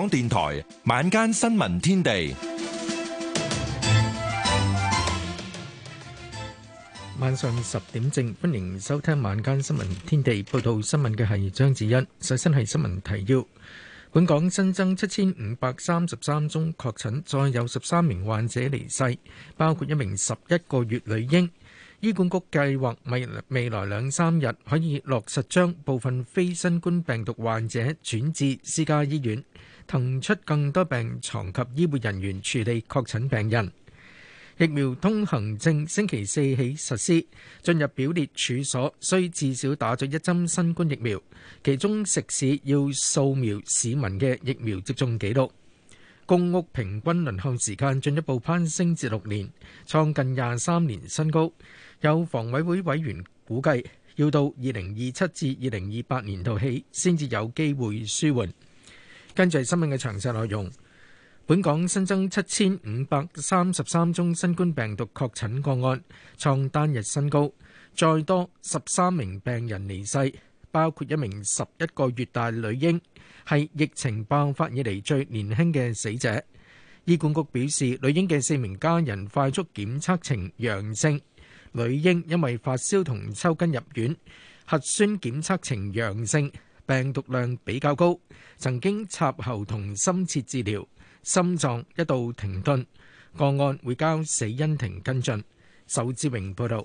港電台晚間新聞天地，晚上十點正，歡迎收聽晚間新聞天地。報道新聞嘅係張子欣，首先係新聞提要。本港新增七千五百三十三宗確診，再有十三名患者離世，包括一名十一個月女嬰。醫管局計劃未未來兩三日可以落實，將部分非新冠病毒患者轉至私家醫院。騰出更多病床及醫護人員處理確診病人。疫苗通行證星期四起實施，進入表列處所需至少打咗一針新冠疫苗。其中食肆要掃描市民嘅疫苗接種記錄。公屋平均輪候時間進一步攀升至六年，創近廿三年新高。有房委會委員估計，要到二零二七至二零二八年度起先至有機會舒緩。跟住係新聞嘅詳細內容，本港新增七千五百三十三宗新冠病毒確診個案，創單日新高，再多十三名病人離世，包括一名十一個月大女嬰，係疫情爆發以嚟最年輕嘅死者。醫管局表示，女嬰嘅四名家人快速檢測呈陽性，女嬰因為發燒同抽筋入院，核酸檢測呈陽性。病毒量比較高，曾經插喉同深切治療，心臟一度停頓，個案會交死因庭跟進。仇志榮報道。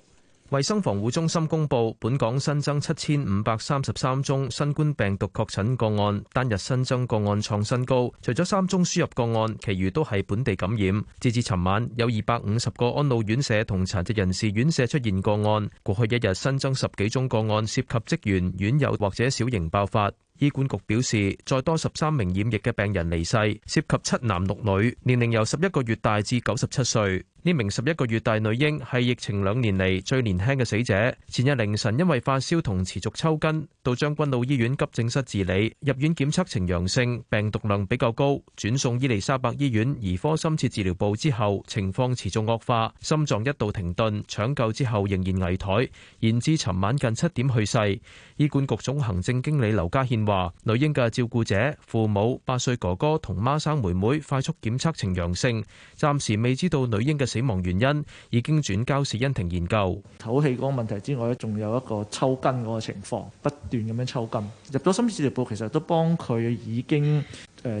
衛生防護中心公布，本港新增七千五百三十三宗新冠病毒確診個案，單日新增個案創新高。除咗三宗輸入個案，其餘都係本地感染。截至尋晚，有二百五十個安老院舍同殘疾人士院舍出現個案。過去一日新增十幾宗個案，涉及職員、院友或者小型爆發。醫管局表示，再多十三名染疫嘅病人離世，涉及七男六女，年齡由十一個月大至九十七歲。呢名十一個月大女嬰係疫情兩年嚟最年輕嘅死者。前日凌晨因為發燒同持續抽筋，到將軍澳醫院急症室治理，入院檢測呈陽性，病毒量比較高，轉送伊利沙伯醫院兒科深切治療部之後，情況持續惡化，心臟一度停頓，搶救之後仍然危殆，延至尋晚近七點去世。醫管局總行政經理劉家獻。話女嬰嘅照顧者、父母、八歲哥哥同孖生妹妹快速檢測呈陽性，暫時未知道女嬰嘅死亡原因，已經轉交死因庭研究。唞氣嗰個問題之外，咧仲有一個抽筋嗰個情況，不斷咁樣抽筋，入咗深切治療部，其實都幫佢已經。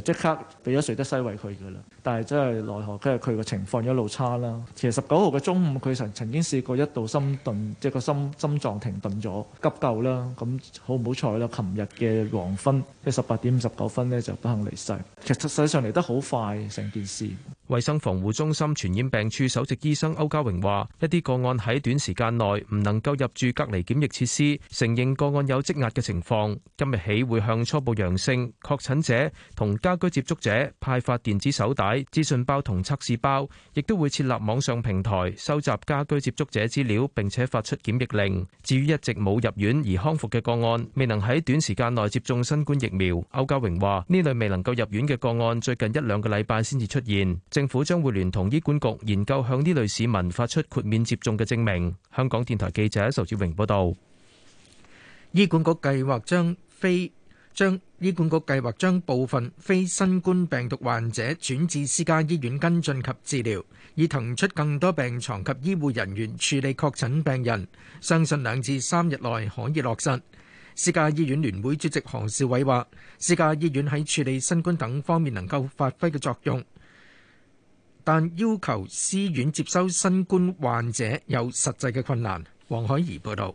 誒即刻俾咗瑞德西維佢㗎啦，但係真係奈何，跟住佢個情況一路差啦。其實十九號嘅中午，佢曾曾經試過一度心頓，即係個心心臟停頓咗急救啦。咁好唔好彩啦？琴日嘅黃昏即十八點五十九分咧，就不幸離世。其實實際上嚟得好快，成件事。衛生防護中心傳染病處首席醫生歐家榮話，一啲個案喺短時間內唔能夠入住隔離檢疫設施，承認個案有積壓嘅情況。今日起會向初步陽性確診者同家居接觸者派發電子手帶、資訊包同測試包，亦都會設立網上平台收集家居接觸者資料，並且發出檢疫令。至於一直冇入院而康復嘅個案，未能喺短時間內接種新冠疫苗，歐家榮話，呢類未能夠入院嘅個案，最近一兩個禮拜先至出現。政府將會聯同醫管局研究向呢類市民發出豁免接種嘅證明。香港電台記者仇志榮報道，醫管局計劃將非將醫管局計劃將部分非新冠病毒患者轉至私家醫院跟進及治療，以騰出更多病床及醫護人員處理確診病人，相信兩至三日內可以落實。私家醫院聯會主席何兆偉話，私家醫院喺處理新冠等方面能夠發揮嘅作用。但要求私院接收新冠患者有實際嘅困難，黃海怡報道。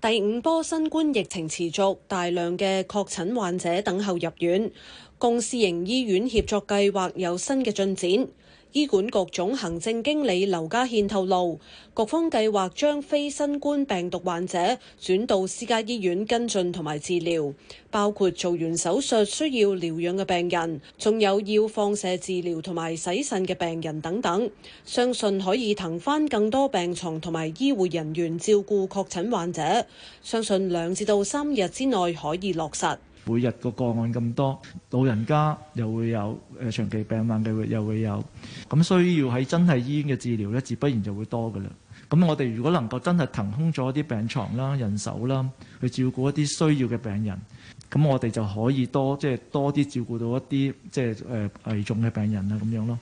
第五波新冠疫情持續，大量嘅確診患者等候入院，公私營醫院協作計劃有新嘅進展。醫管局總行政經理劉家憲透露，局方計劃將非新冠病毒患者轉到私家醫院跟進同埋治療，包括做完手術需要療養嘅病人，仲有要放射治療同埋洗腎嘅病人等等，相信可以騰翻更多病床同埋醫護人員照顧確診患者，相信兩至到三日之內可以落實。每日個個案咁多，老人家又會有誒、呃、長期病患嘅，會又會有，咁、嗯、需要喺真係醫院嘅治療咧，自不然就會多㗎喇。咁、嗯、我哋如果能夠真係騰空咗一啲病床啦、人手啦，去照顧一啲需要嘅病人，咁、嗯、我哋就可以多即係、就是、多啲照顧到一啲即係誒危重嘅病人啊咁樣咯。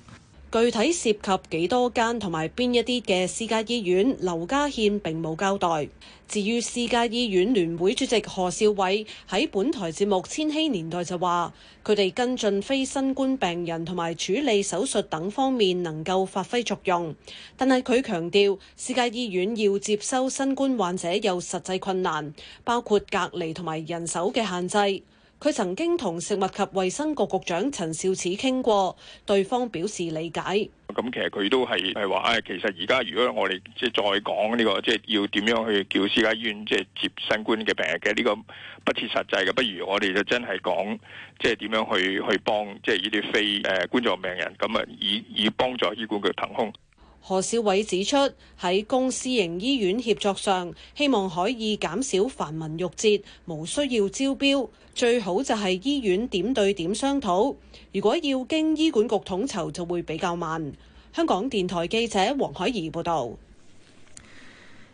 具體涉及幾多間同埋邊一啲嘅私家醫院，劉家獻並冇交代。至於私家醫院聯會主席何兆煒喺本台節目《千禧年代》就話，佢哋跟進非新冠病人同埋處理手術等方面能夠發揮作用，但係佢強調私家醫院要接收新冠患者有實際困難，包括隔離同埋人手嘅限制。佢曾經同食物及衛生局局長陳肇始傾過，對方表示理解。咁其實佢都係係話，誒，其實而家如果我哋即係再講呢個，即係要點樣去叫私家醫院即係接新冠嘅病嘅呢個不切實際嘅，不如我哋就真係講即係點樣去去幫即係呢啲非誒冠狀病人，咁啊以以幫助醫管局騰空。何少偉指出，喺公私營醫院協作上，希望可以減少繁文縟節，無需要招標，最好就係醫院點對點商討。如果要經醫管局統籌，就會比較慢。香港電台記者黃海怡報道。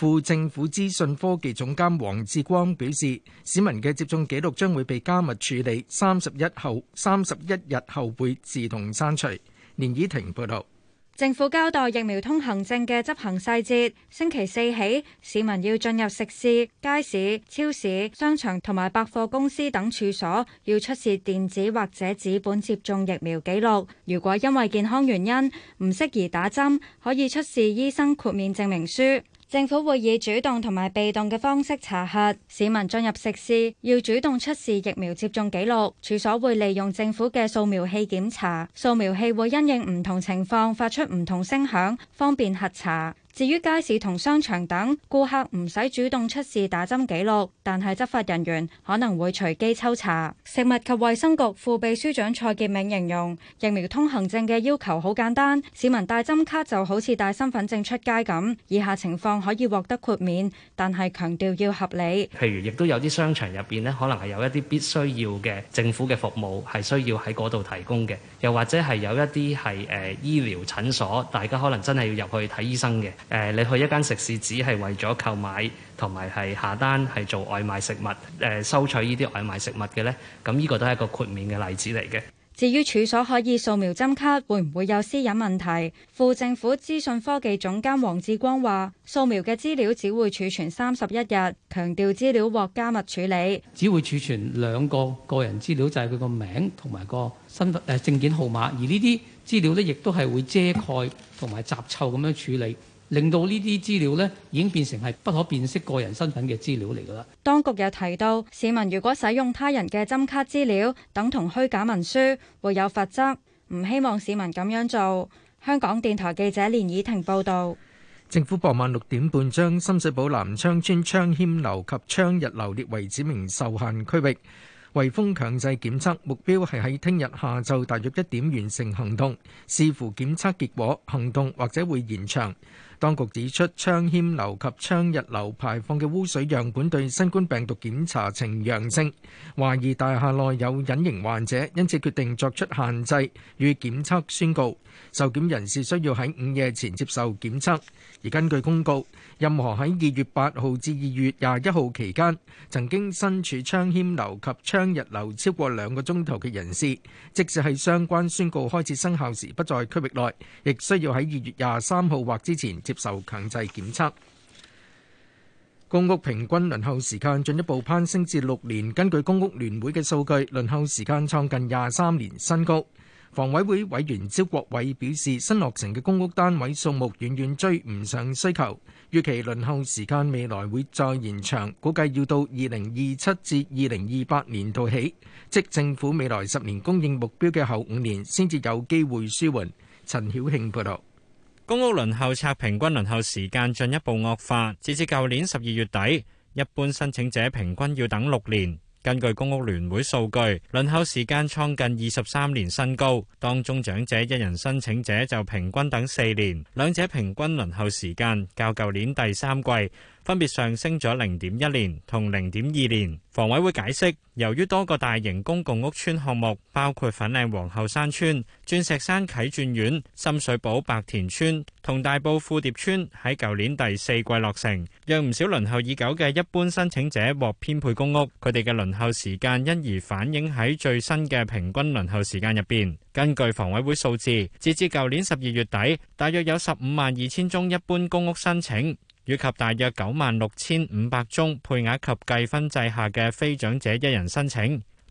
副政府資訊科技總監黃志光表示，市民嘅接種記錄將會被加密處理，三十一後三十一日後會自動刪除。連怡婷報導，政府交代疫苗通行證嘅執行細節。星期四起，市民要進入食肆、街市、超市、商場同埋百貨公司等處所，要出示電子或者紙本接種疫苗記錄。如果因為健康原因唔適宜打針，可以出示醫生豁免證明書。政府會以主動同埋被動嘅方式查核，市民進入食肆要主動出示疫苗接種記錄，處所會利用政府嘅掃描器檢查，掃描器會因應唔同情況發出唔同聲響，方便核查。至於街市同商場等，顧客唔使主動出示打針記錄，但係執法人員可能會隨機抽查。食物及衛生局副秘書長蔡潔明形容，疫苗通行證嘅要求好簡單，市民帶針卡就好似帶身份證出街咁。以下情況可以獲得豁免，但係強調要合理。譬如，亦都有啲商場入邊呢可能係有一啲必須要嘅政府嘅服務係需要喺嗰度提供嘅，又或者係有一啲係誒醫療診所，大家可能真係要入去睇醫生嘅。誒，你去一間食肆，只係為咗購買同埋係下單，係做外賣食物誒、呃，收取呢啲外賣食物嘅呢。咁呢個都係一個豁免嘅例子嚟嘅。至於處所可以掃描針卡，會唔會有私隱問題？副政府資訊科技總監黃志光話：掃描嘅資料只會儲存三十一日，強調資料獲加密處理，只會儲存兩個個人資料，就係佢個名同埋個身份誒、呃、證件號碼，而呢啲資料呢，亦都係會遮蓋同埋雜湊咁樣處理。令到呢啲資料呢，已經變成係不可辨識個人身份嘅資料嚟㗎啦。當局又提到，市民如果使用他人嘅針卡資料等同虛假文書，會有罰則。唔希望市民咁樣做。香港電台記者連以婷報導。政府傍晚六點半將深水埗南昌邨昌軒樓及昌日樓列為指明受限區域，圍封強制檢測目標，係喺聽日下晝大約一點完成行動，視乎檢測結果，行動或者會延長。當局指出，昌軒樓及昌日樓排放嘅污水樣本對新冠病毒檢查呈陽性，懷疑大廈內有隱形患者，因此決定作出限制與檢測宣告。受檢人士需要喺午夜前接受檢測。而根據公告，任何喺二月八號至二月廿一號期間曾經身處昌軒樓及昌日樓超過兩個鐘頭嘅人士，即使喺相關宣告開始生效時不在區域內，亦需要喺二月廿三號或之前接受強制檢測，公屋平均輪候時間進一步攀升至六年。根據公屋聯會嘅數據，輪候時間創近廿三年新高。房委會委員招國偉表示，新落成嘅公屋單位數目遠遠追唔上需求，預期輪候時間未來會再延長，估計要到二零二七至二零二八年度起，即政府未來十年供應目標嘅後五年，先至有機會舒緩。陳曉慶報導。公屋輪候冊平均輪候時間進一步惡化，截至舊年十二月底，一般申請者平均要等六年。根據公屋聯會數據，輪候時間創近二十三年新高，當中長者一人申請者就平均等四年，兩者平均輪候時間較舊年第三季分別上升咗零點一年同零點二年。房委會解釋，由於多個大型公共屋邨項目，包括粉嶺皇后山邨、鑽石山啟鑽苑、深水埗白田村同大埔富蝶村喺舊年第四季落成，讓唔少輪候已久嘅一般申請者獲編配公屋，佢哋嘅輪候時間因而反映喺最新嘅平均輪候時間入邊。根據房委會數字，截至舊年十二月底，大約有十五萬二千宗一般公屋申請，以及大約九萬六千五百宗配額及計分制下嘅非長者一人申請。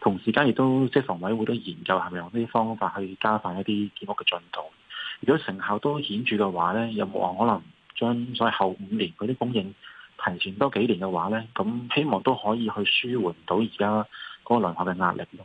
同時間亦都即係房委會都研究係咪用呢啲方法去加快一啲建屋嘅進度，如果成效都顯著嘅話咧，有冇話可能將所謂後五年嗰啲供應提前多幾年嘅話咧，咁希望都可以去舒緩到而家嗰個輪候嘅壓力咯。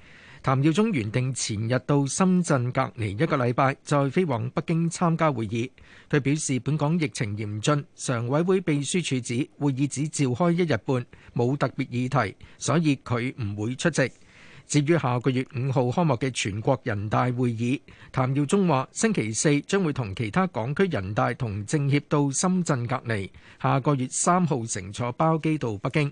譚耀宗原定前日到深圳隔離一個禮拜，再飛往北京參加會議。佢表示，本港疫情嚴峻，常委會秘書處指會議只召開一日半，冇特別議題，所以佢唔會出席。至於下個月五號開幕嘅全國人大會議，譚耀宗話星期四將會同其他港區人大同政協到深圳隔離，下個月三號乘坐包機到北京。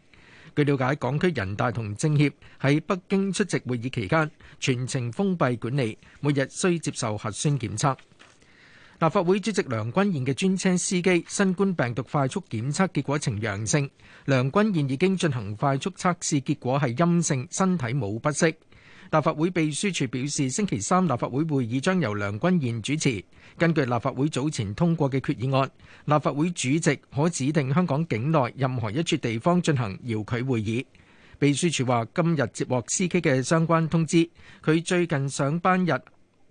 據了解，港區人大同政協喺北京出席會議期間，全程封閉管理，每日需接受核酸檢測。立法會主席梁君彥嘅專車司機新冠病毒快速檢測結果呈陽性，梁君彥已經進行快速測試，結果係陰性，身體冇不適。立法會秘書處表示，星期三立法會會議將由梁君彥主持。根據立法會早前通過嘅決議案，立法會主席可指定香港境內任何一處地方進行遙距會議。秘書處話：今日接獲司機嘅相關通知，佢最近上班日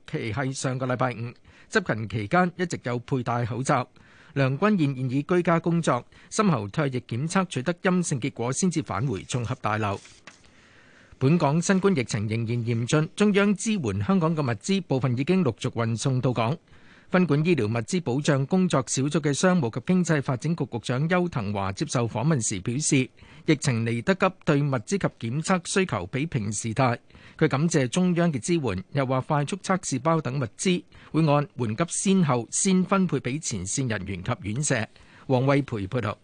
其實係上個禮拜五執勤期間一直有佩戴口罩。梁君彥現已居家工作，深喉唾液檢測取得陰性結果，先至返回綜合大樓。本港新冠疫情仍然嚴峻，中央支援香港嘅物資部分已經陸續運送到港。分管醫療物資保障工作小組嘅商務及經濟發展局局長邱騰華接受訪問時表示，疫情嚟得急，對物資及檢測需求比平時大。佢感謝中央嘅支援，又話快速測試包等物資會按緩急先後先分配俾前線人員及院舍。王慧培報道。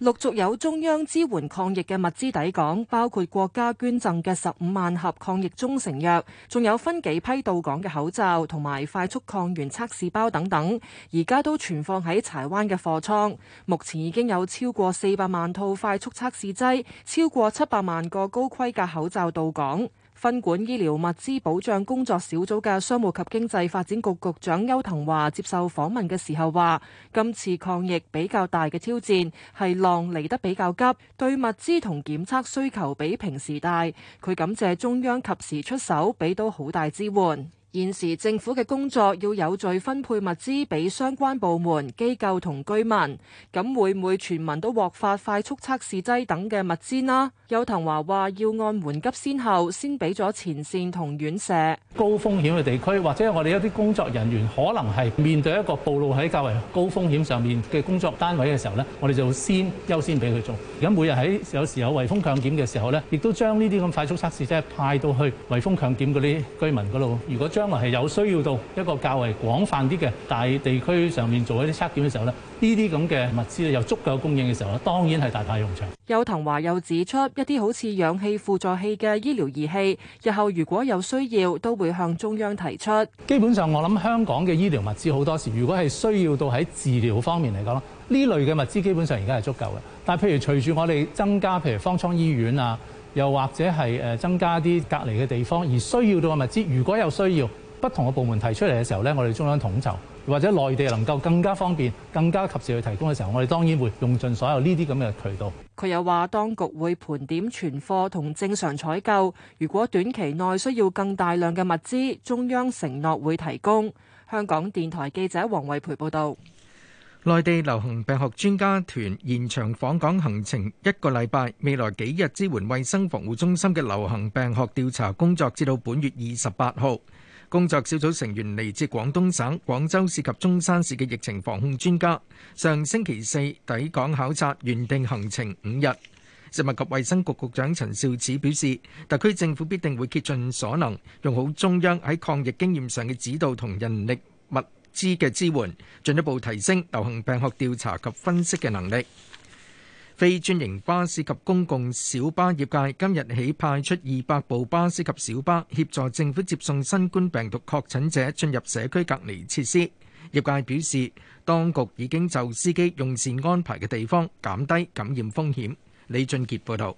陸續有中央支援抗疫嘅物資抵港，包括國家捐贈嘅十五萬盒抗疫中成藥，仲有分幾批到港嘅口罩同埋快速抗原測試包等等。而家都存放喺柴灣嘅貨倉。目前已經有超過四百萬套快速測試劑，超過七百萬個高規格口罩到港。分管醫療物資保障工作小組嘅商務及經濟發展局局長邱騰華接受訪問嘅時候話：今次抗疫比較大嘅挑戰係浪嚟得比較急，對物資同檢測需求比平時大。佢感謝中央及時出手，俾到好大支援。現時政府嘅工作要有序分配物資俾相關部門、機構同居民，咁會唔會全民都獲發快速測試劑等嘅物資啦？邱騰華話要按緩急先後，先俾咗前線同院舍。高風險嘅地區，或者我哋一啲工作人員可能係面對一個暴露喺較為高風險上面嘅工作單位嘅時候呢，我哋就先優先俾佢做。而家每日喺有時候圍封強檢嘅時候呢，亦都將呢啲咁快速測試劑派到去圍封強檢嗰啲居民嗰度，如果。將來係有需要到一個較為廣泛啲嘅大地區上面做一啲測檢嘅時候咧，呢啲咁嘅物資咧又足夠供應嘅時候咧，當然係大派用場。邱騰華又指出，一啲好似氧氣輔助器嘅醫療儀器，日後如果有需要，都會向中央提出。基本上，我諗香港嘅醫療物資好多時，如果係需要到喺治療方面嚟講，呢類嘅物資基本上而家係足夠嘅。但係譬如隨住我哋增加，譬如方艙醫院啊。又或者係誒增加啲隔離嘅地方，而需要到嘅物資，如果有需要，不同嘅部門提出嚟嘅時候呢，我哋中央統籌，或者內地能夠更加方便、更加及時去提供嘅時候，我哋當然會用盡所有呢啲咁嘅渠道。佢又話，當局會盤點存貨同正常採購，如果短期內需要更大量嘅物資，中央承諾會提供。香港電台記者黃惠培報道。內地流行病學專家團延長訪港行程一個禮拜，未來幾日支援衛生防護中心嘅流行病學調查工作，至到本月二十八號。工作小組成員嚟自廣東省、廣州市及中山市嘅疫情防控專家，上星期四抵港考察，原定行程五日。食物及衛生局局長陳肇始表示，特區政府必定會竭盡所能，用好中央喺抗疫經驗上嘅指導同人力物。資嘅支援，進一步提升流行病學調查及分析嘅能力。非專營巴士及公共小巴業界今日起派出二百部巴士及小巴，協助政府接送新冠病毒確診者進入社區隔離設施。業界表示，當局已經就司機用膳安排嘅地方減低感染風險。李俊傑報道，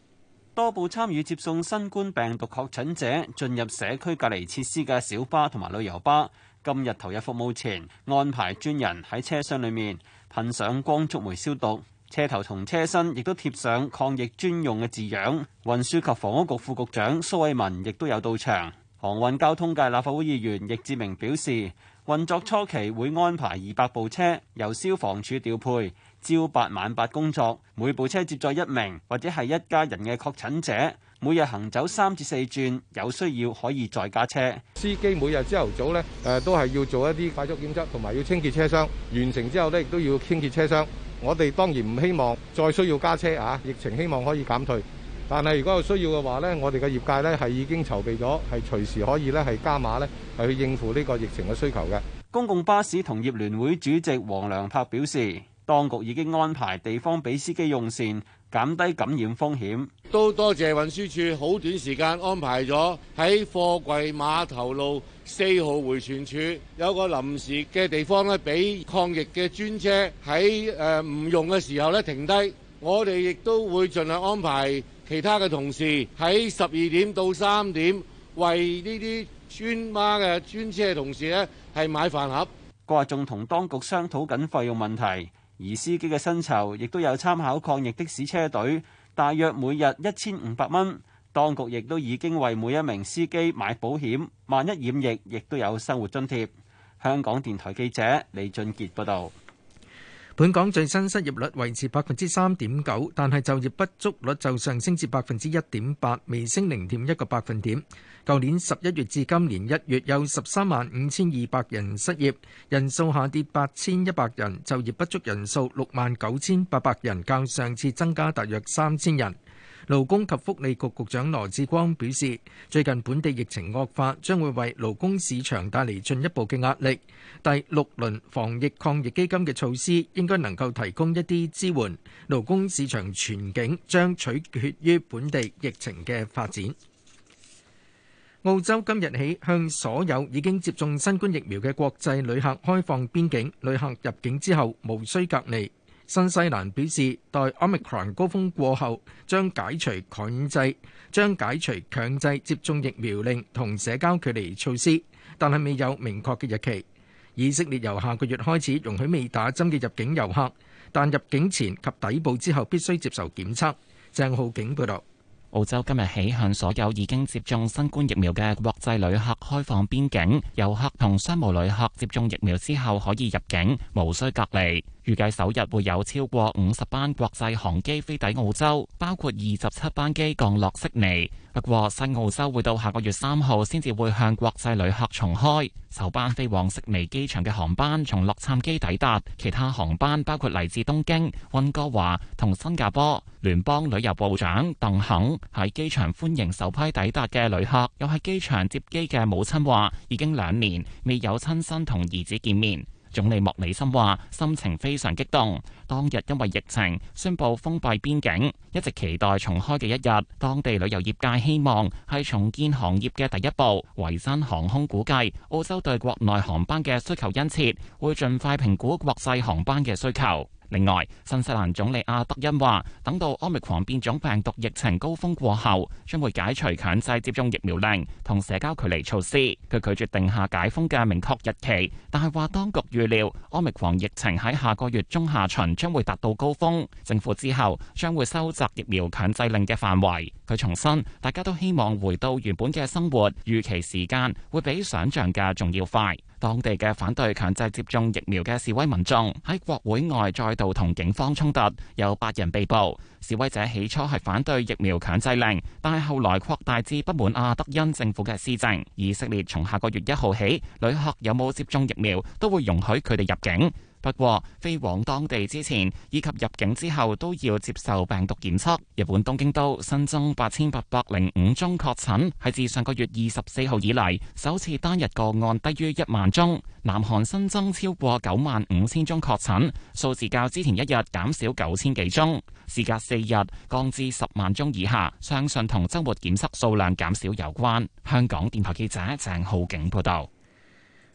多部參與接送新冠病毒確診者進入社區隔離設施嘅小巴同埋旅遊巴。今日投入服務前，安排專人喺車廂裡面噴上光觸媒消毒，車頭同車身亦都貼上抗疫專用嘅字樣。運輸及房屋局副局長蘇偉文亦都有到場。航運交通界立法會議員易志明表示，運作初期會安排二百部車由消防處調配，朝八晚八工作，每部車接載一名或者係一家人嘅確診者。每日行走三至四轉，有需要可以再加車。司機每日朝頭早咧，誒都係要做一啲快速檢測，同埋要清潔車廂。完成之後咧，亦都要清潔車廂。我哋當然唔希望再需要加車啊！疫情希望可以減退，但係如果有需要嘅話咧，我哋嘅業界咧係已經籌備咗，係隨時可以咧係加碼咧，係去應付呢個疫情嘅需求嘅。公共巴士同業聯會主席黃良柏表示，當局已經安排地方俾司機用膳。減低感染風險，都多謝運輸處好短時間安排咗喺貨櫃碼頭路四號迴旋處有個臨時嘅地方咧，俾抗疫嘅專車喺誒唔用嘅時候咧停低。我哋亦都會盡量安排其他嘅同事喺十二點到三點為呢啲專媽嘅專車嘅同事咧係買飯盒。佢話仲同當局商討緊費用問題。而司機嘅薪酬亦都有參考抗疫的士車隊，大約每日一千五百蚊。當局亦都已經為每一名司機買保險，萬一染疫亦都有生活津貼。香港電台記者李俊傑報道。本港最新失業率維持百分之三點九，但係就業不足率就上升至百分之一點八，微升零點一個百分點。舊年十一月至今年一月有十三萬五千二百人失業，人數下跌八千一百人，就業不足人數六萬九千八百人，較上次增加大約三千人。勞工及福利局局長羅致光表示，最近本地疫情惡化，將會為勞工市場帶嚟進一步嘅壓力。第六輪防疫抗疫基金嘅措施應該能夠提供一啲支援，勞工市場前景將取決於本地疫情嘅發展。澳洲今日起向所有已經接種新冠疫苗嘅國際旅客開放邊境，旅客入境之後無需隔離。新西蘭表示，待 Omicron 高峰過後，將解除強制，將解除強制接種疫苗令同社交距離措施，但係未有明確嘅日期。以色列由下個月開始容許未打針嘅入境遊客，但入境前及抵埗之後必須接受檢測。鄭浩景報導。澳洲今日起向所有已經接種新冠疫苗嘅國際旅客開放邊境，遊客同商務旅客接種疫苗之後可以入境，無需隔離。預計首日會有超過五十班國際航機飛抵澳洲，包括二十七班機降落悉尼。不過，西澳洲會到下個月三號先至會向國際旅客重開。首班飛往悉尼機場嘅航班從洛杉磯抵達，其他航班包括嚟自東京、溫哥華同新加坡。聯邦旅遊部長鄧肯喺機場歡迎首批抵達嘅旅客，又喺機場接機嘅母親話：已經兩年未有親身同兒子見面。總理莫里森話：心情非常激動。當日因為疫情宣布封閉邊境，一直期待重開嘅一日。當地旅遊業界希望係重建行業嘅第一步。維珍航空估計，澳洲對國內航班嘅需求殷切，會盡快評估國際航班嘅需求。另外，新西蘭總理阿德恩話，等到 Omicron 變種病毒疫情高峰過後，將會解除強制接種疫苗令同社交距離措施。佢拒絕定下解封嘅明確日期，但係話當局預料 Omicron 疫情喺下個月中下旬將會達到高峰，政府之後將會收窄疫苗強制令嘅範圍。佢重申，大家都希望回到原本嘅生活，預期時間會比想像嘅仲要快。當地嘅反對強制接種疫苗嘅示威民眾喺國會外再度同警方衝突，有八人被捕。示威者起初係反對疫苗強制令，但係後來擴大至不滿阿德恩政府嘅施政。以色列從下個月一號起，旅客有冇接種疫苗都會容許佢哋入境。不過，飛往當地之前以及入境之後都要接受病毒檢測。日本東京都新增八千八百零五宗確診，係自上個月二十四號以嚟首次單日個案低於一萬宗。南韓新增超過九萬五千宗確診，數字較之前一日減少九千幾宗。事隔四日降至十萬宗以下，相信同周末檢測數量減少有關。香港電台記者鄭浩景報道。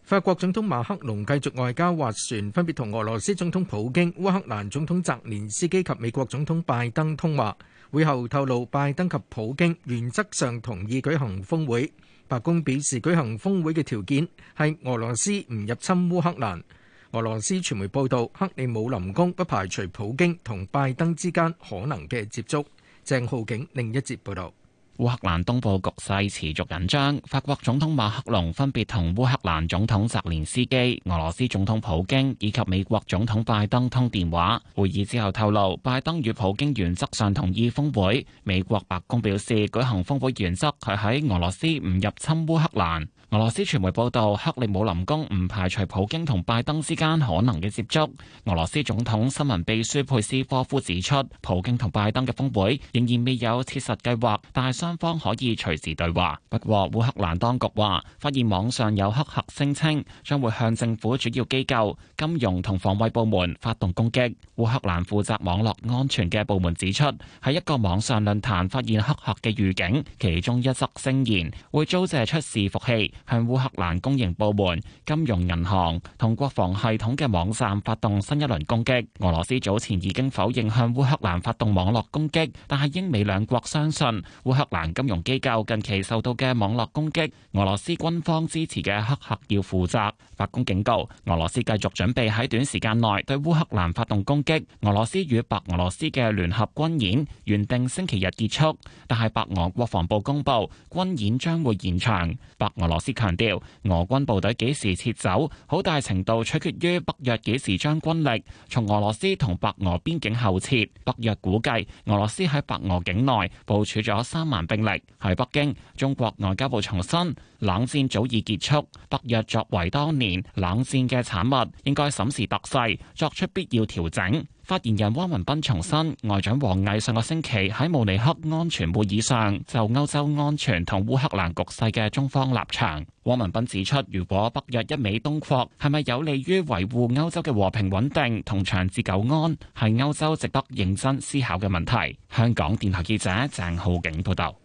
法國總統馬克龍繼續外交斡旋，分別同俄羅斯總統普京、烏克蘭總統澤連斯基及美國總統拜登通話。會後透露，拜登及普京原則上同意舉行峯會。白宮表示，舉行峯會嘅條件係俄羅斯唔入侵烏克蘭。俄羅斯傳媒報道，克里姆林宮不排除普京同拜登之間可能嘅接觸。鄭浩景另一節報道。烏克蘭東部局勢持續緊張，法國總統馬克龍分別同烏克蘭總統澤連斯基、俄羅斯總統普京以及美國總統拜登通電話。會議之後透露，拜登與普京原則上同意峯會。美國白宮表示，舉行峯會原則係喺俄羅斯唔入侵烏克蘭。俄羅斯傳媒報道，克里姆林宮唔排除普京同拜登之間可能嘅接觸。俄羅斯總統新聞秘書佩斯科夫指出，普京同拜登嘅峰會仍然未有切實計劃，但係雙方可以隨時對話。不過烏克蘭當局話，發現網上有黑客聲稱將會向政府主要機構、金融同防衛部門發動攻擊。烏克蘭負責網絡安全嘅部門指出，喺一個網上論壇發現黑客嘅預警，其中一則聲言會租借出事服器。向烏克蘭公營部門、金融銀行同國防系統嘅網站發動新一輪攻擊。俄羅斯早前已經否認向烏克蘭發動網絡攻擊，但係英美兩國相信烏克蘭金融機構近期受到嘅網絡攻擊，俄羅斯軍方支持嘅黑客要負責。法官警告俄羅斯繼續準備喺短時間內對烏克蘭發動攻擊。俄羅斯與白俄羅斯嘅聯合軍演原定星期日結束，但係白俄國防部公佈軍演將會延長。白俄羅強調俄軍部隊幾時撤走，好大程度取決於北約幾時將軍力從俄羅斯同白俄邊境後撤。北約估計俄羅斯喺白俄境內部署咗三萬兵力。喺北京，中國外交部重申，冷戰早已結束，北約作為當年冷戰嘅產物，應該審時度勢，作出必要調整。發言人汪文斌重申，外長王毅上個星期喺慕尼黑安全會議上就歐洲安全同烏克蘭局勢嘅中方立場。汪文斌指出，如果北約一味東擴，係咪有利於維護歐洲嘅和平穩定同長治久安，係歐洲值得認真思考嘅問題。香港電台記者鄭浩景報道。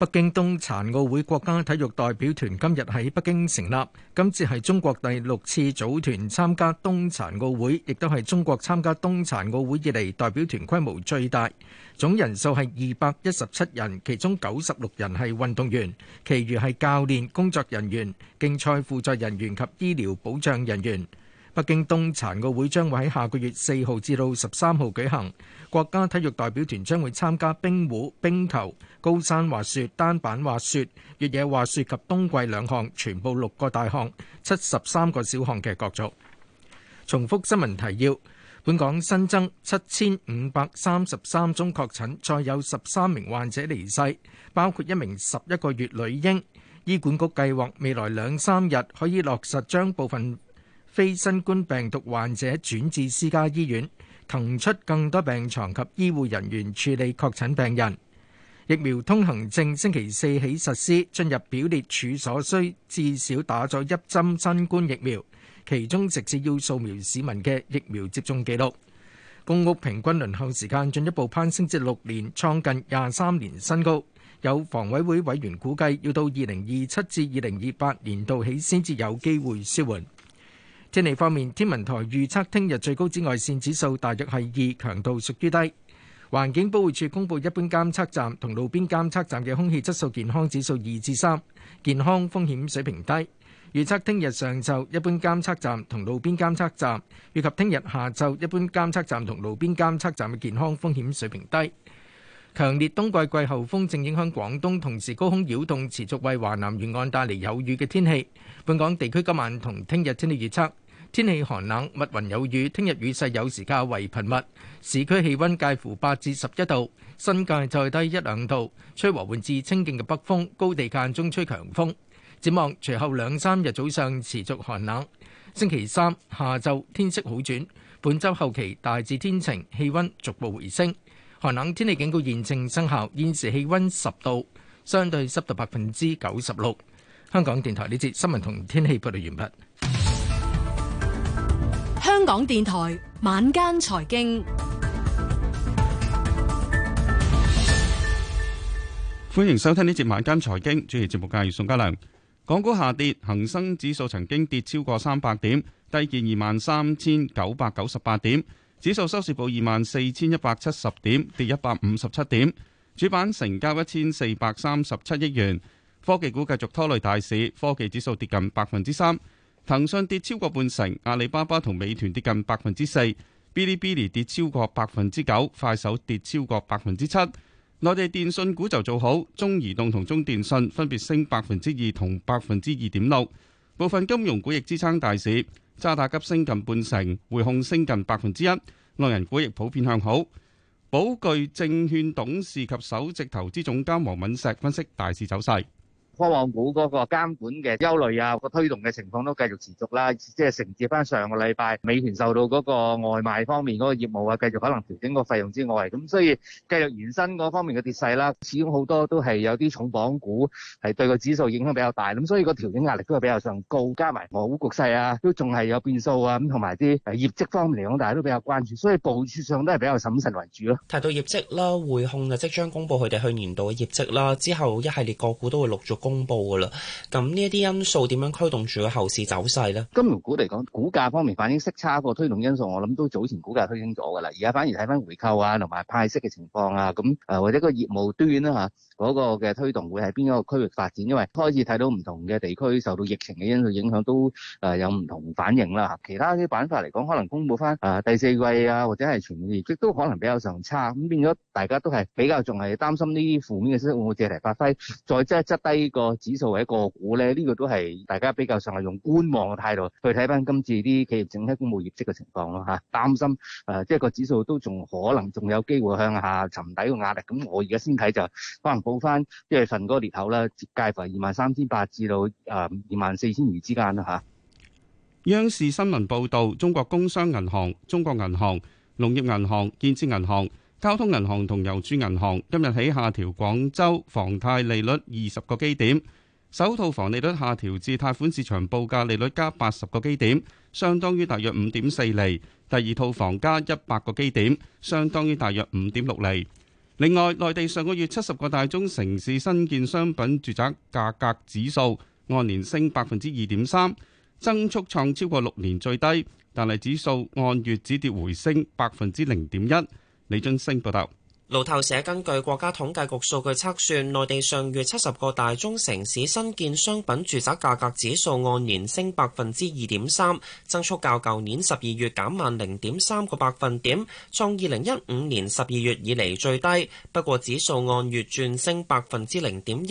北京冬殘奧會國家體育代表團今日喺北京成立，今次係中國第六次組團參加冬殘奧會，亦都係中國參加冬殘奧會以嚟代表團規模最大，總人數係二百一十七人，其中九十六人係運動員，其餘係教練、工作人員、競賽負責人員及醫療保障人員。北京冬殘奧會將會喺下個月四號至到十三號舉行。國家體育代表團將會參加冰壺、冰球、高山滑雪、單板滑雪、越野滑雪及冬季兩項，全部六個大項、七十三個小項嘅角逐。重複新聞提要：本港新增七千五百三十三宗確診，再有十三名患者離世，包括一名十一個月女嬰。醫管局計劃未來兩三日可以落實將部分非新冠病毒患者轉至私家醫院。騰出更多病床及醫護人員處理確診病人。疫苗通行證星期四起實施，進入表列處所需至少打咗一針新冠疫苗，其中直接要掃描市民嘅疫苗接種記錄。公屋平均輪候時間進一步攀升至六年，創近廿三年新高。有房委會委員估計，要到2027至2028年度起先至有機會舒緩。天氣方面，天文台預測聽日最高紫外線指數大約係二，強度屬於低。環境保護署公布一般監測站同路邊監測站嘅空氣質素健康指數二至三，健康風險水平低。預測聽日上晝一般監測站同路邊監測站，以及聽日下晝一般監測站同路邊監測站嘅健康風險水平低。強烈冬季季候風正影響廣東，同時高空擾動持續為華南沿岸帶嚟有雨嘅天氣。本港地區今晚同聽日天氣預測。天氣寒冷，密雲有雨。聽日雨勢有時較為頻密，市區氣溫介乎八至十一度，新界再低一兩度，吹和緩至清勁嘅北風，高地間中吹強風。展望隨後兩三日早上持續寒冷，星期三下晝天色好轉，本周後期大致天晴，氣溫逐步回升。寒冷天氣警告現正生效，現時氣溫十度，相對濕度百分之九十六。香港電台呢節新聞同天氣報道完畢。香港電台晚間財經，歡迎收聽呢節晚間財經。主持節目嘅係宋嘉良。港股下跌，恒生指數曾經跌超過三百點，低見二萬三千九百九十八點。指數收市報二萬四千一百七十點，跌一百五十七點。主板成交一千四百三十七億元。科技股繼續拖累大市，科技指數跌近百分之三。騰訊跌超過半成，阿里巴巴同美團跌近百分之四，嗶哩嗶哩跌超過百分之九，快手跌超過百分之七。內地電信股就做好，中移動同中電信分別升百分之二同百分之二點六。部分金融股亦支撐大市，渣打急升近半成，匯控升近百分之一。內人股亦普遍向好。寶鉅證券董事及首席投資總監王敏石分析大市走勢。科網股嗰個監管嘅憂慮啊，個推動嘅情況都繼續持續啦，即係承接翻上個禮拜美團受到嗰個外賣方面嗰個業務啊，繼續可能調整個費用之外，咁所以繼續延伸嗰方面嘅跌勢啦。始終好多都係有啲重磅股係對個指數影響比較大，咁所以個調整壓力都係比較上高，加埋俄烏局勢啊，都仲係有變數啊，咁同埋啲誒業績方面嚟講，大家都比較關注，所以部署上都係比較審慎為主咯。提到業績啦，匯控就即將公布佢哋去年度嘅業績啦，之後一系列個股都會陸續公布噶啦，咁呢一啲因素點樣驅動住個後市走勢咧？金融股嚟講，股價方面反映息差個推動因素，我諗都早前股價推升咗噶啦。而家反而睇翻回購啊，同埋派息嘅情況啊，咁、嗯、誒或者個業務端啦、啊、吓、嗰、那個嘅推動會喺邊一個區域發展？因為開始睇到唔同嘅地區受到疫情嘅因素影響，都誒有唔同反應啦。其他啲板塊嚟講，可能公布翻誒第四季啊，或者係全年業績都可能比較上差，咁變咗大家都係比較仲係擔心呢啲負面嘅消息，息會唔會借題發揮，再即係質低。個指數係一個股咧，呢個都係大家比較上係用觀望嘅態度去睇翻今次啲企業整體公佈業績嘅情況咯嚇，擔心誒，即係個指數都仲可能仲有機會向下沉底嘅壓力。咁我而家先睇就可能報翻一月份嗰個裂口啦，介乎二萬三千八至到誒二萬四千二之間啦嚇。央視新聞報導，中國工商銀行、中國銀行、農業銀行、建設銀行。交通銀行同郵儲銀行今日起下調廣州房貸利率二十個基點，首套房利率下調至貸款市場報價利率加八十個基點，相當於大約五點四厘；第二套房加一百個基點，相當於大約五點六厘。另外，內地上個月七十個大中城市新建商品住宅價格指數按年升百分之二點三，增速創超過六年最低，但係指數按月止跌回升百分之零點一。李津升報道，路透社根據國家統計局數據測算，內地上月七十個大中城市新建商品住宅價格指數按年升百分之二點三，增速較舊年十二月減慢零點三個百分點，創二零一五年十二月以嚟最低。不過指數按月轉升百分之零點一，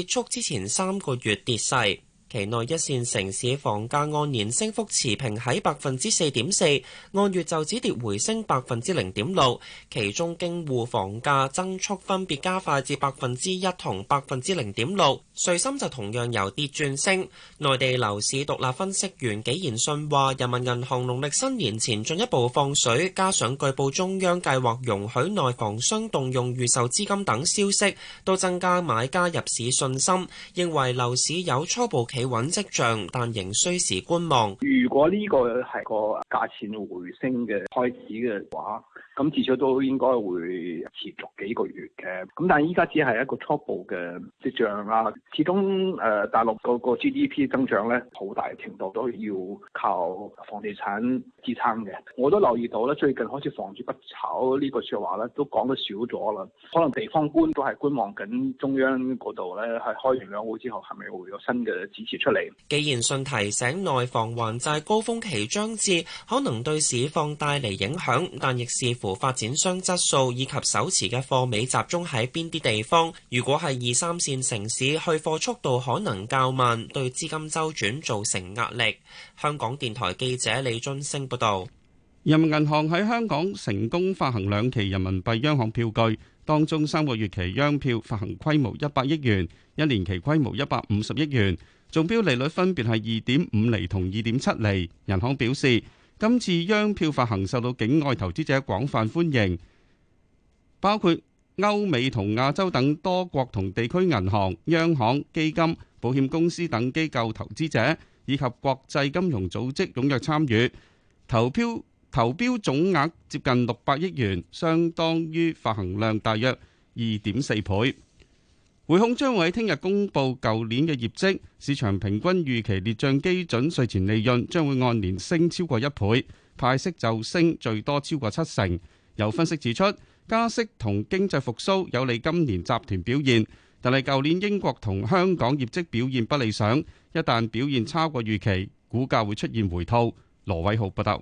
結束之前三個月跌勢。其內一線城市房價按年升幅持平喺百分之四點四，按月就止跌回升百分之零點六。其中京滬房價增速分別加快至百分之一同百分之零點六。穗深就同樣由跌轉升。內地樓市獨立分析員紀賢信話，人民銀行農曆新年前進一步放水，加上據報中央計劃容許內房商動用預售資金等消息，都增加買家入市信心，認為樓市有初步企穩跡象，但仍需時觀望。如果呢個係個價錢回升嘅開始嘅話。咁至少都應該會持續幾個月嘅，咁但係依家只係一個初步嘅跡象啦。始終誒大陸嗰個 GDP 增長咧，好大程度都要靠房地產支撐嘅。我都留意到咧，最近開始房住不炒呢個說話咧，都講得少咗啦。可能地方官都係觀望緊中央嗰度咧，係開完兩會之後，係咪會有新嘅指示出嚟？既然信提醒內房還債高峰期將至，可能對市況帶嚟影響，但亦是發展商質素以及手持嘅貨尾集中喺邊啲地方？如果係二三線城市，去貨速度可能較慢，對資金周轉造成壓力。香港電台記者李俊升報道。人民銀行喺香港成功發行兩期人民幣央行票據，當中三個月期央票發行規模一百億元，一年期規模一百五十億元，中標利率分別係二點五厘同二點七厘。銀行表示。今次央票發行受到境外投資者廣泛歡迎，包括歐美同亞洲等多國同地區銀行、央行、基金、保險公司等機構投資者以及國際金融組織踴躍參與，投票投標總額接近六百億元，相當於發行量大約二點四倍。匯控將會喺聽日公布舊年嘅業績，市場平均預期列賬基準稅前利潤將會按年升超過一倍，派息就升最多超過七成。有分析指出，加息同經濟復甦有利今年集團表現，但係舊年英國同香港業績表現不理想，一旦表現差過預期，股價會出現回吐。羅偉浩報道。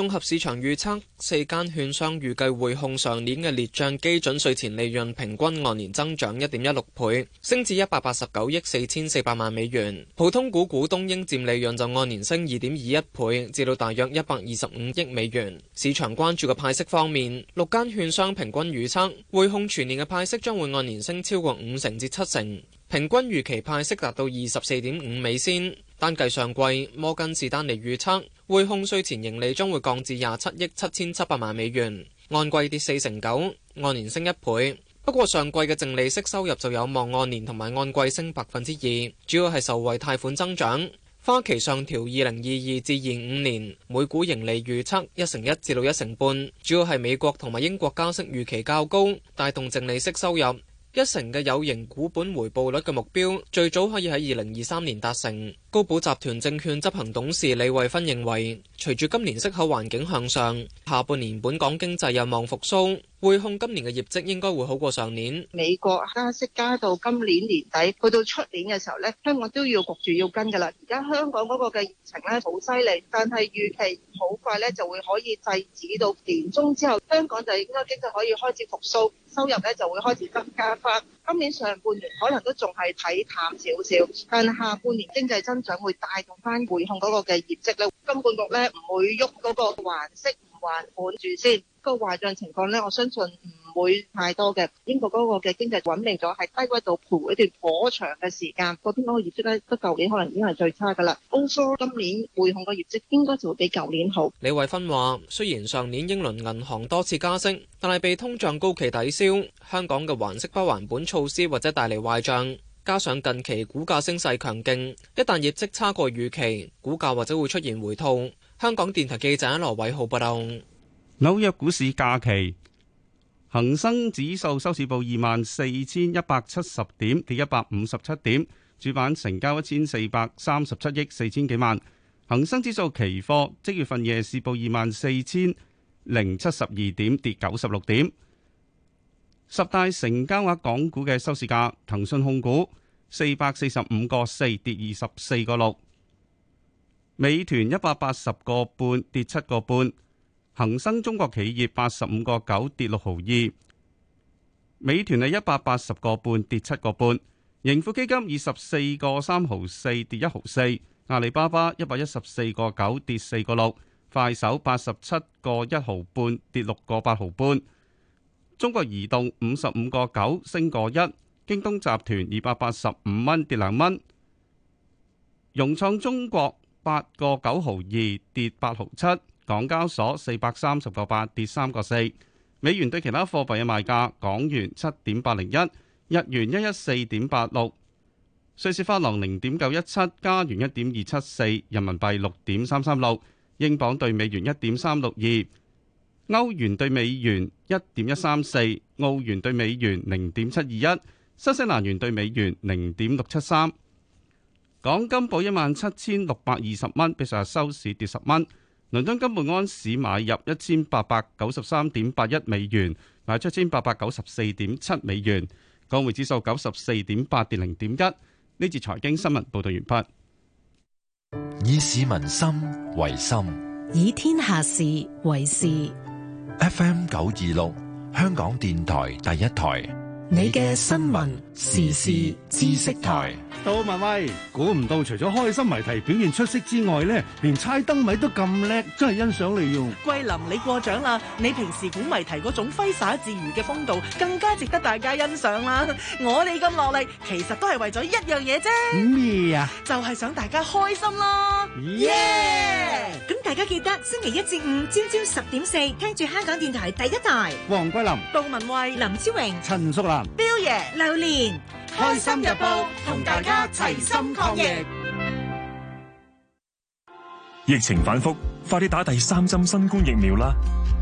綜合市場預測，四間券商預計匯控上年嘅列賬基準稅前利潤平均按年增長一點一六倍，升至一百八十九億四千四百萬美元。普通股股東應佔利潤就按年升二點二一倍，至到大約一百二十五億美元。市場關注嘅派息方面，六間券商平均預測匯控全年嘅派息將會按年升超過五成至七成，平均預期派息達到二十四點五美仙。單計上季，摩根士丹利預測匯控稅前盈利將會降至廿七億七千七百萬美元，按季跌四成九，按年升一倍。不過上季嘅淨利息收入就有望按年同埋按季升百分之二，主要係受惠貸款增長。花旗上調二零二二至二五年每股盈利預測一成一至到一成半，1, 1 1, 5, 主要係美國同埋英國加息預期較高，帶動淨利息收入。一成嘅有形股本回報率嘅目標，最早可以喺二零二三年達成。高寶集團證券執行董事李慧芬認為，隨住今年息口環境向上，下半年本港經濟有望復蘇。匯控今年嘅業績應該會好過上年。美國加息加到今年年底。去到出年嘅時候咧，香港都要焗住要跟噶啦。而家香港嗰個嘅疫情咧好犀利，但係預期好快咧就會可以制止到。年中之後，香港就應該經濟可以開始復甦，收入咧就會開始增加翻。今年上半年可能都仲係睇淡少少，但下半年經濟增長會帶動翻匯控嗰個嘅業績咧。金管局咧唔會喐嗰個還息唔還本住先。個壞帳情況呢，我相信唔會太多嘅。英國嗰個嘅經濟穩定咗，喺低位度盤一段頗長嘅時間。嗰邊嗰個業績咧，都舊年可能已經係最差噶啦。歐科今年匯控個業績應該就會比舊年好。李慧芬話：雖然上年英倫銀行多次加息，但係被通脹高企抵消。香港嘅還息不還本措施或者帶嚟壞帳，加上近期股價升勢強勁，一旦業績差過預期，股價或者會出現回吐。香港電台記者羅偉浩報道。紐約股市假期，恒生指數收市報二萬四千一百七十點，跌一百五十七點。主板成交一千四百三十七億四千幾萬。恒生指數期貨即月份夜市報二萬四千零七十二點，跌九十六點。十大成交額港股嘅收市價，騰訊控股四百四十五個四跌二十四個六，美團一百八十個半跌七個半。恒生中國企業八十五個九跌六毫二，美團係一百八十個半跌七個半，盈富基金二十四個三毫四跌一毫四，阿里巴巴一百一十四個九跌四個六，快手八十七個一毫半跌六個八毫半，中國移動五十五個九升個一，京東集團二百八十五蚊跌兩蚊，融創中國八個九毫二跌八毫七。港交所四百三十個八跌三個四，美元對其他貨幣嘅賣價：港元七點八零一，日元一一四點八六，瑞士法郎零點九一七，加元一點二七四，人民幣六點三三六，英鎊對美元一點三六二，歐元對美元一點一三四，澳元對美元零點七二一，新西蘭元對美元零點六七三。港金報一萬七千六百二十蚊，比上日收市跌十蚊。倫敦金每安市買入一千八百九十三點八一美元，賣出一千八百九十四點七美元，港匯指數九十四點八跌零點一。呢節財經新聞報道完畢。以市民心為心，以天下事為事。FM 九二六，香港電台第一台，你嘅新聞時事知識台。杜文威，估唔到除咗開心謎題表現出色之外咧，連猜燈謎都咁叻，真係欣賞你喎。桂林，你過獎啦，你平時估謎題嗰種揮灑自如嘅風度，更加值得大家欣賞啦。我哋咁落力，其實都係為咗一樣嘢啫。咩啊？就係想大家開心囉。耶！咁大家記得星期一至五朝朝十點四，聽住香港電台第一台。黃桂林、杜文威、林超榮、陳淑蘭、彪爺、榴蓮。開心日報，同大家齊心抗疫。疫情反覆，快啲打第三針新冠疫苗啦！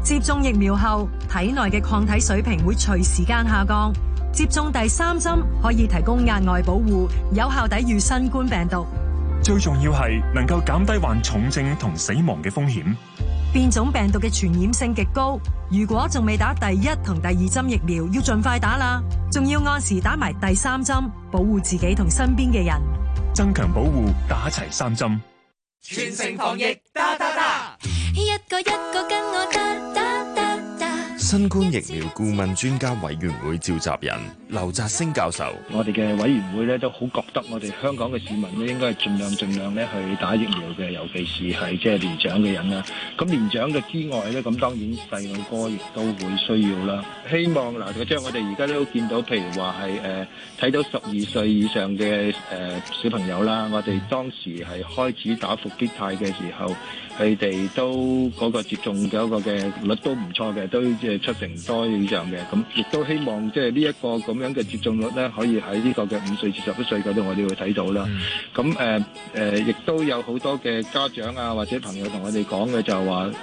接種疫苗後，體內嘅抗體水平會隨時間下降。接種第三針可以提供額外保護，有效抵禦新冠病毒。最重要係能夠減低患重症同死亡嘅風險。變種病毒嘅傳染性極高，如果仲未打第一同第二針疫苗，要盡快打啦！仲要按時打埋第三針，保護自己同身邊嘅人，增強保護，打齊三針，全城防疫，打打打，一個一個跟我。新冠疫苗顧問專家委員會召集人劉澤星教授：我哋嘅委員會咧都好覺得，我哋香港嘅市民咧應該係盡量盡量咧去打疫苗嘅，尤其是係即係年長嘅人啦。咁年長嘅之外咧，咁當然細路哥亦都會需要啦。希望嗱，即係我哋而家都見到，譬如話係誒睇到十二歲以上嘅誒、呃、小朋友啦，我哋當時係開始打復必泰嘅時候。佢哋都嗰個接種嗰個嘅率都唔錯嘅，都即係七成多以上嘅。咁亦都希望即係呢一個咁樣嘅接種率咧，可以喺呢個嘅五歲至十一歲嗰度我哋會睇到啦。咁誒誒，亦都有好多嘅家長啊或者朋友同我哋講嘅就係話誒，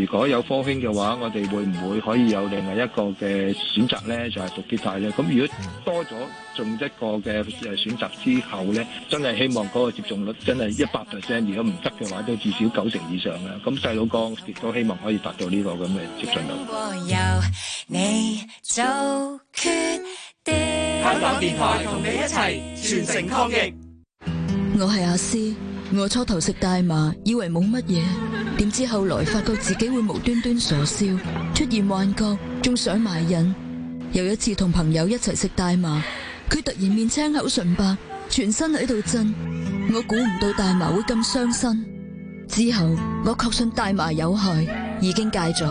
如果有科興嘅話，我哋會唔會可以有另外一個嘅選擇咧？就係讀啲大咧。咁如果多咗，做一個嘅誒選擇之後咧，真係希望嗰個接種率真係一百 percent，如果唔得嘅話，都至少九成以上啦。咁細佬哥亦都希望可以達到呢個咁嘅接種率。香港電台同你一齊全城抗疫。我係阿詩，我初頭食大麻以為冇乜嘢，點知後來發覺自己會無端端傻笑，出現幻覺，仲想埋癮。有一次同朋友一齊食大麻。佢突然面青口唇白，全身喺度震。我估唔到大麻會咁傷身。之後我確信大麻有害，已經戒咗。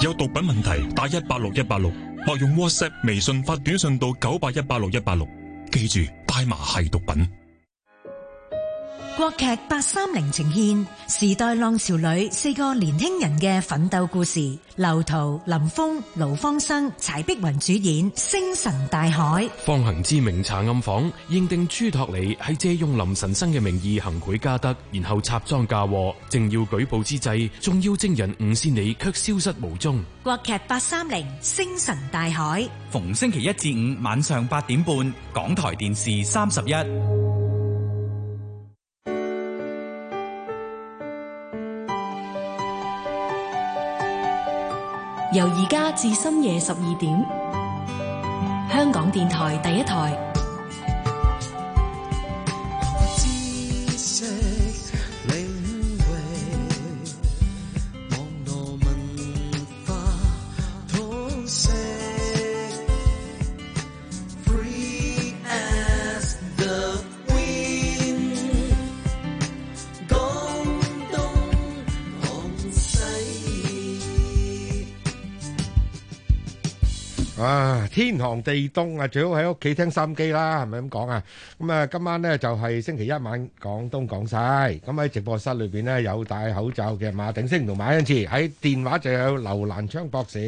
有毒品問題，打一八六一八六或用 WhatsApp、微信發短信到九八一八六一八六。記住，大麻係毒品。國劇八三零呈現時代浪潮裏四個年輕人嘅奮鬥故事，劉濤、林峯、盧芳生、柴碧雲主演《星辰大海》。方行之明查暗訪，認定朱托尼喺借用林神生嘅名義行賄加德，然後插贓嫁禍。正要舉報之際，仲要證人吳仙禮卻消失無蹤。國劇八三零《星辰大海》，逢星期一至五晚上八點半，港台電視三十一。由而家至深夜十二點，香港電台第一台。天寒地凍啊，最好喺屋企聽收音機啦，係咪咁講啊？咁啊，今晚呢，就係星期一晚廣東廣西，咁喺直播室裏邊呢，有戴口罩嘅馬鼎盛同馬恩慈，喺電話就有劉蘭昌博士。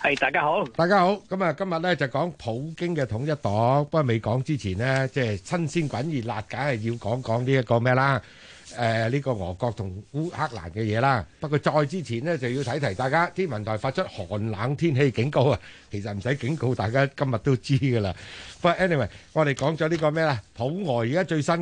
係大家好，大家好。咁啊，今日呢，就講普京嘅統一黨，不過未講之前呢，即係新鮮滾熱辣，梗係要講講呢一個咩啦。誒呢、呃這個俄國同烏克蘭嘅嘢啦，不過再之前咧就要提提大家，天文台發出寒冷天氣警告啊，其實唔使警告，大家今日都知㗎啦。不過，anyway，我哋講咗呢個咩啦？普俄而家最新。